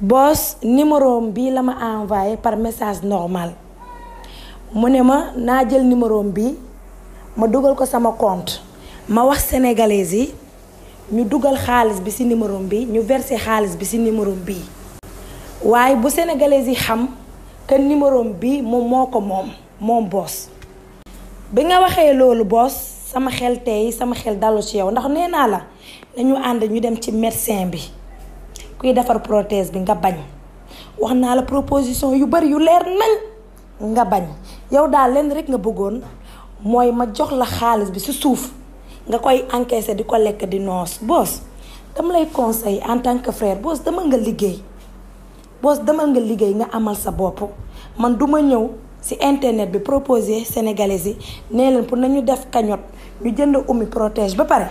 boos numéro bi la ma envoyé par message normal mu ne ma naa jël numéro bi ma dugal ko sama compte ma wax sénégalais yi ñu dugal xaalis bi ci numéro bi ñu versé xaalis bi ci numéro bi waaye bu sénégalais yi xam que numéro bi moom moo ko moom moom boos bi nga waxee loolu boos sama xel tey sama xel dalu ci yow ndax nee naa la dañu ànd ñu dem ci médecin bi kuy defar prothèse bi nga bañ wax naa la proposition yu bari yu leer nañ nga bañ yow daal lenn rek nga bëggoon mooy ma jox la xaalis bi si suuf nga koy encaisser di ko lekk di noos boos dama lay conseil en tant que frère boos demal nga liggéey boos demal nga liggéey nga amal sa bopp man duma ñëw si internet bi proposé sénégalais yi nee leen pour nañu def cagnotte ñu jënd umi protège ba pare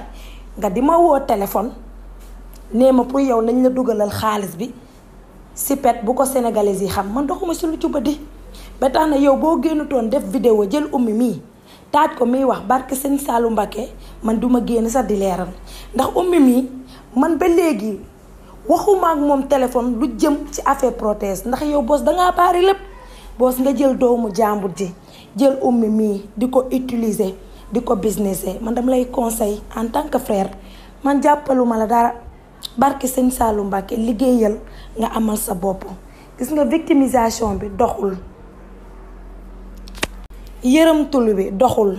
nga di ma woo téléphone nee ma pour yow nañ la dugalal xaalis bi si pet bu ko sénégalais yi xam man doxuma si lu ci bëdi ba tax na yow boo génnutoon def vidéo jël ummi mii taaj ko miy wax barke sëñ Saalu Mbakke man duma génn sax di ndax ummi mii man ba léegi waxuma ak moom téléphone lu jëm ci affaire protège ndax yow boos dangaa baari lépp boos nga jël doomu jàmbur ji jël ummi mii di ko utiliser di ko businessé man dama lay conseil en tant que frère man jàppaluma la dara barke sëñ Saalu Mbàkke liggéeyal nga amal sa bopp gis nga victimisation bi doxul yërëmtul bi doxul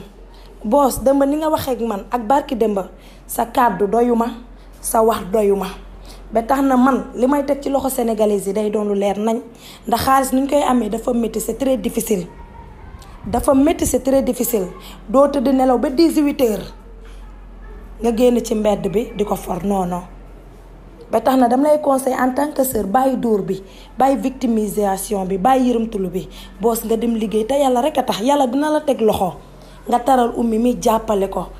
boos dëmba ni nga waxee man ak barki dëmba sa kàddu doyuma sa wax doyuma ba tax na man li may teg ci loxo sénégalais yi day doon lu leer nañ ndax xaalis ni ñu koy amee dafa metti c'est très difficile dafa métti très difficile doo tëdd nelaw ba 18 heures nga génn ci mbedd bi di ko for non ba tax na dama lay conseil en tant que sœur bàyyi dóor bi bàyyi victimisation bi bàyyi yërëmtulu bi boos nga dem liggéey te yàlla rek a tax yàlla dina la teg loxo nga taral umi mi jàppale ko.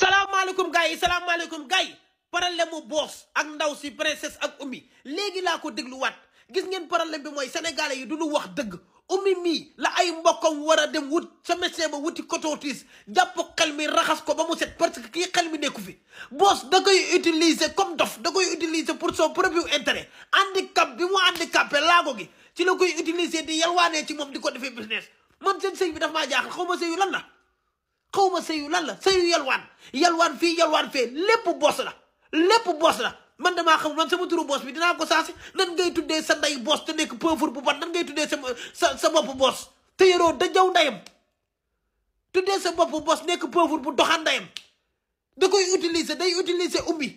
salaamaaleykum gars yi salaamaaleykum gars yi problème mu boos ak ndaw si princesse ak ummi léegi laa ko dégluwaat gis ngeen problème bi mooy sénégalais yi du ñu wax dëgg. ummi mii la ay mbokkam war a dem wut sa médecin ba wuti cototis jàpp xel mi raxas ko ba mu set parce que kii xel mi nekku fi boos da koy utiliser comme dof da koy utiliser pour son propre intérêt handicap bi mu handicapé laago gi ci la koy utiliser di yalwaanee ci moom di ko defee business man seen sëy bi daf maa jaaxal xaw ma sëyu lan la xaw ma sëyu lan la sëyu yalwaan yalwaan fii yalwaan fee lépp boos la lépp boos la man damaa xam man sama turu boos bi dinaa ko saasi nan ngay tuddee sa ndey boos te nekk pauvre bu ban nan ngay tuddee sa sa sa bopp boos te yoroo da jaw ndeyam tuddee sa bopp boos nekk pauvre bu doxaan ndeyam da koy utiliser day utiliser ummi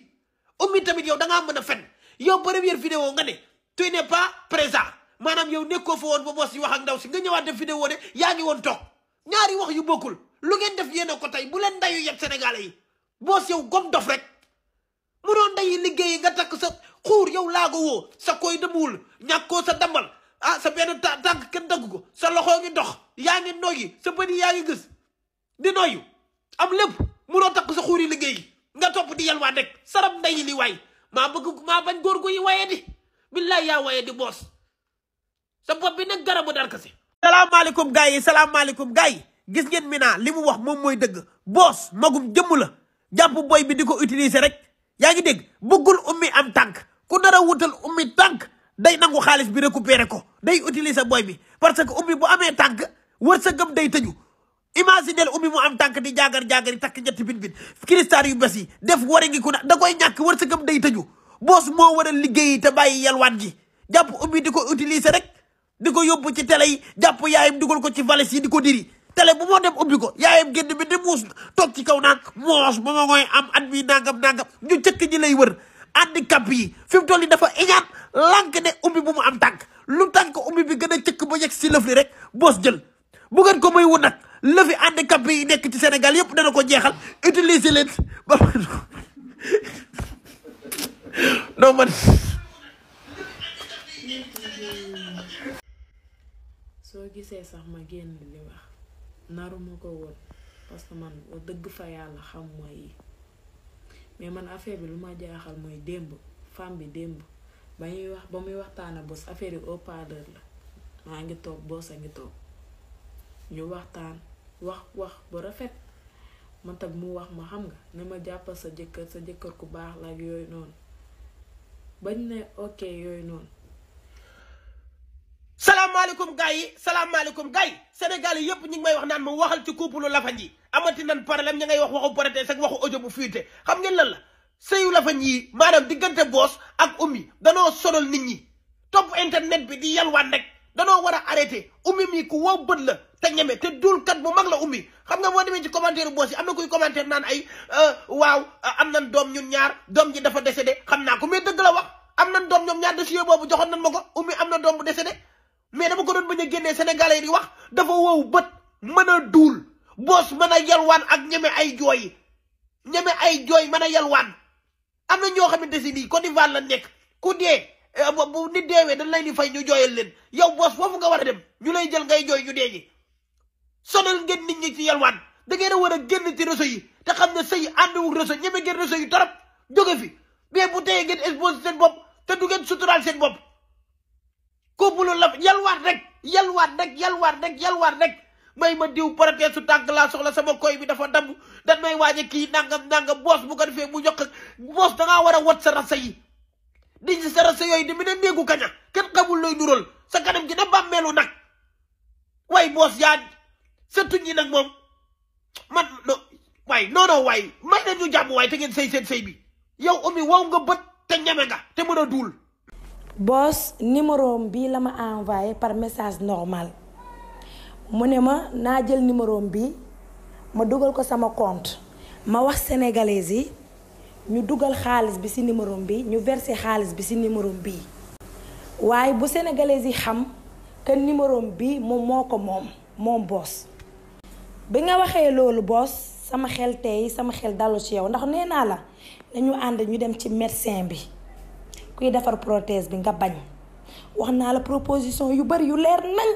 ummi tamit yow danga ngaa mën a fen yow première vidéo nga ne tu n'es pas présent maanaam yow nekkoo fa woon ba boos yi wax ak ndaw si nga ñëwaat def vidéo ne yaa ngi woon tox ñaari wax yu bokkul lu ngeen def yéene ko tey bu leen ndayu yeb sénégalais yi boos yow gom dof rek mu doon dayi liggéeyi nga takk sa xuur yow laago woo sa koy demuwul ñàkkoo sa dambal ah sa benn tànk kenn dagg ko sa loxoo ngi dox yaa ngi noyyi sa bëri yaa ngi gis di noyyu am lépp munoo takk sa xuur yi liggéeyi nga topp di yalwaan rek sarab ndeyi li waay maa bëgg ma bañ góor gu yi waye di billaay yaa waye di boos sa bopp bi nag garabu darkase salaamaaleykum gars yi salaamaaleykum gars yi gis ngeen Mina li mu wax moom mooy dëgg boos magum jëmm la jàpp boy bi di ko utiliser rek yaa ngi dégg bëggul ummi am tànk ku nar wutal ummi tànk day nangu xaalis bi récupérer ko day utiliser booy bi parce que ummi bu amee tànk wërsëgam day tëju imaginel ummi mu am tànk di jaagar jaagar yi takk ñetti bin bin cristal yu bes yi def war ngi ku na da koy war ñàkk wërsëgam day tëju boos moo war a liggéey te bàyyi yalwaan ji jàpp ummi di ko utiliser rek di ko yóbbu ci télé yi jàpp yaayam dugal ko ci valise yi di ko diri télé bu moo dem ubbi ko yaayam génn bi di muus toog ci kaw naan moos ba ma mooy am at bi nangam nangam ñu cëkk ñi lay wër handicap yi fi mu dafa iñaan lànk ne ubbi bu mu am tànk lu tànk ubbi bi gën a cëkk ba yegg si lëf rek boos jël bu ko may wun nag lëfi handicap yi nekk ci senegal yëpp dana ko jeexal utiliser leen ba non man soo naruma ko woon parce que man wax dëgg fa yàlla xam mooy yi mais man affaire bi lu ma jaaxal mooy démb femme bi démb ba ñuy wax ba muy waxtaana bos affaire yi au la maa ngi toog bos a ngi toog ñu waxtaan wax wax bu rafet man tam mu wax ma xam nga ne ma jàppal sa jëkkër sa jëkkër ku baax la yooyu noonu bañ ne ok yooyu noonu salaamaaleykum gars yi salaamaaleykum gars yi Sénégal yi yëpp ñu ngi may wax naan ma waxal ci couple lafañ yi amati nan problème ña ngay wax waxu protest ak waxu audio bu fuité xam ngeen lan la sëyu lafañ yi maanaam diggante boos ak ummi danoo sonal nit ñi topp internet bi di yalwaan rek danoo war a arrêté ummi mii ku wow bët la te ñeme te dul kat bu mag la ummi xam nga boo demee ci commentaire boos yi am na kuy commentaire naan ay euh, waaw euh, am nan doom ñun ñaar doom ji dafa décédé xam naa ko mais dëgg la wax am na doom ñoom ñaar dossier boobu joxoon nan ma ko ummi am na doom bu décédé mais dama ko doon bañ a génnee sénégalais yi di wax dafa wow bët mën a duul boos mën a yalwaan ak ñeme ay jooy ñeme ay jooy mën a yalwaan am na ñoo xamante si nii Côte d'Ivoire la nekk ku dee eh, bu nit deewee dañ lay ni fay ñu jooyal leen yow boos foofu nga war a dem ñu lay jël ngay jooy ñu dee ñi sonal ngeen nit ñi ci yalwaan da ngeen a war a génn ci réseau yi te xam ne sëy àndiwul réseau ñeme ngeen réseau yi torop jóge fi mais bu teyee ngeen exposé seen bopp te du ngeen suturaal seen bopp kooku la yalwaat rek yalwaat rek yalwaat rek yalwaat rek may ma diw parenthèse su tànk laa soxla sama koy bi dafa damm dan may waaje kii nangam nangam boos bu ko defee mu yokk boos da war a wat sa rasa yi di sa rasa yooyu di mu ne néegu kaña kenn xamul looy nural sa kanam gi da bàmmeelu nag waaye boos yaa sa tuñ yi nag moom man no waaye non non waaye may nañu jàmm waaye te ngeen sëy seen sëy bi yow Oumy waw nga bët te ñeme nga te mën a duul boos numéro bi la ma envoyé par message normal mu ne ma naa jël numéro bi ma dugal ko sama compte ma wax sénégalais yi ñu dugal xaalis bi ci numéro bi ñu versé xaalis bi ci numéro bi waaye bu sénégalais yi xam que numéro bi moom moo ko moom moom boos bi nga waxee loolu boos sama xel tey sama xel dalu ci yow ndax nee naa la dañu ànd ñu dem ci médecin bi kuy defar prothèse bi nga bañ wax naa la proposition yu bari yu leer nañ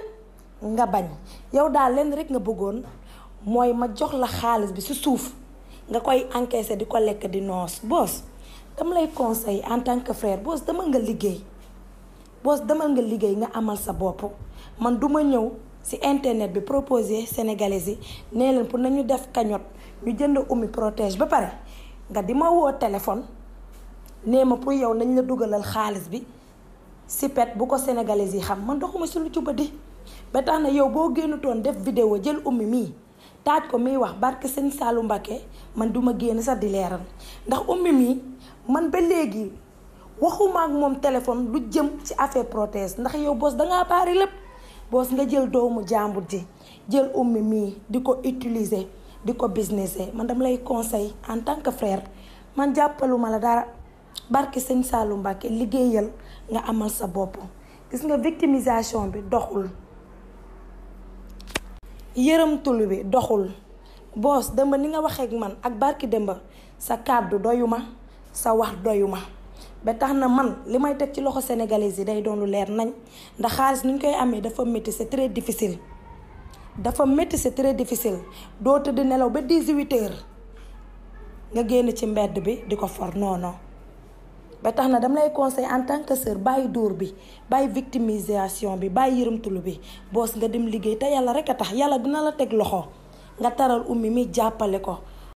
nga bañ yow daal lenn rek nga bëggoon mooy ma jox la xaalis bi si suuf nga koy encaisser di ko lekk di noos boos dama lay conseil en tant que frère boos demal nga liggéey boos demal nga liggéey nga amal sa bopp man duma ñëw si internet bi proposé sénégalais yi nee leen pour nañu def cagnotte ñu jënd umi protège ba pare nga di ma woo téléphone nee ma pour yow nañ la dugalal xaalis bi si pet bu ko sénégalais yi xam man doxuma si lu ci di ba tax na yow boo génnutoon def vidéo jël ummi mii taaj ko miy wax barke sëñ Saalu Mbakke man duma génn sax di ndax ummi mii man ba léegi waxuma ak moom téléphone lu jëm ci affaire prothèse ndax yow boos dangaa baari lépp boos nga jël doomu jàmbur ji jël ummi mii di ko utiliser di ko businessé man dama lay conseil en tant que frère man jàppaluma la dara barke sëñ Saalu Mbàkke liggéeyal nga amal sa bopp gis nga victimisation bi doxul yërëmtul bi doxul boos dëmba ni nga waxeek man ak barki dëmba sa kàddu doyuma sa wax doyuma ba tax na man li may teg ci loxo sénégalais yi day doon lu leer nañ ndax xaalis ni ñu koy amee dafa métti c'est très difficile dafa métti c'est très difficile doo tëdd nelaw ba 18 heures nga génn ci mbedd bi di ko for non ba tax na dama lay conseil en tant que sœur bàyyi dóor bi bàyyi victimisation bi bàyyi yërëmtulu bi boos nga dem liggéey te yàlla rek a tax yàlla dina la teg loxo nga taral ummi mi jàppale ko